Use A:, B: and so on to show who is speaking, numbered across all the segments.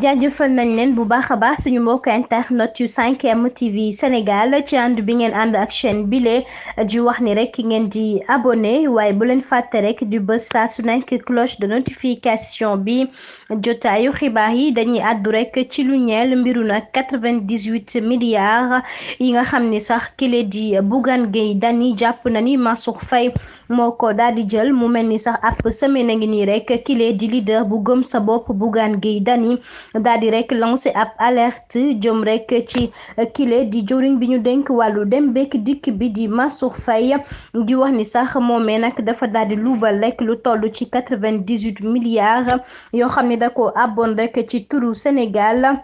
A: jaajëfal nañ leen bu baax a baax suñu mbokk internet yu 5M TV Sénégal ci ànd bi ngeen ànd ak chaîne bile di wax ni rek ngeen di abonné waaye bu leen fàtte rek di bës saa su nekk cloche de notification bi jotaayu xibaar yi dañuy àddu rek ci lu ñeel mbiru nag 98 milliards yi nga xam ni sax kile di Bougane Gueye Dany jàpp na ni Mansour Faye moo ko daal di jël mu mel ni sax ab semaine a ngi nii rek kile di leader bu gëm sa bopp Bougane Gueye Dany daal di rek lancé ab alerte jom rek ci euh, kile di jëwriñ bi ñu dénk wàllu dem bekk dikk bi di Mansour Faye di wax ni sax moomee nag dafa daal di luubal rek lu toll ci quatre-vingt-dix-huit milliards yoo xam ni da ko abboon rek ci turu Sénégal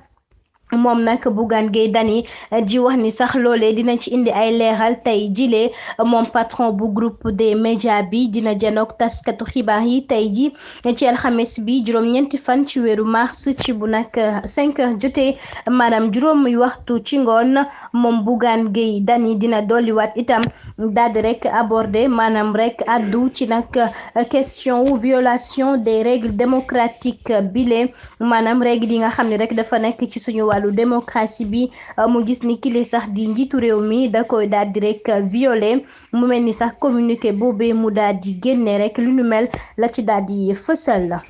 A: moom nag Bougane Gueye Dany eh, di wax ni sax loolee dina ci indi ay leeral tey jilee moom patron bu groupe de médias bi dina janook taskatu xibaar yi tey ji eh, ci alxames bi juróom-ñeenti fan ci weeru mars ci bu nag eh, cinq heures jotee maanaam juróomi waxtu ci ngoon moom Bougane Gueye Dany dina dolliwaat itam daldi rek aborder maanaam rek addu ci nag question wu violation des règles bi bile maanaam règle yi nga xam ne rek dafa nekk ci suñu wàllu démocratie bi euh, mu gis ni kile sax di njiitu réew mi da koy daldi di rek euh, violé mu mel ni sax communiqué boobee mu daal di génne rek lu ñu mel la ci daal di fësal la.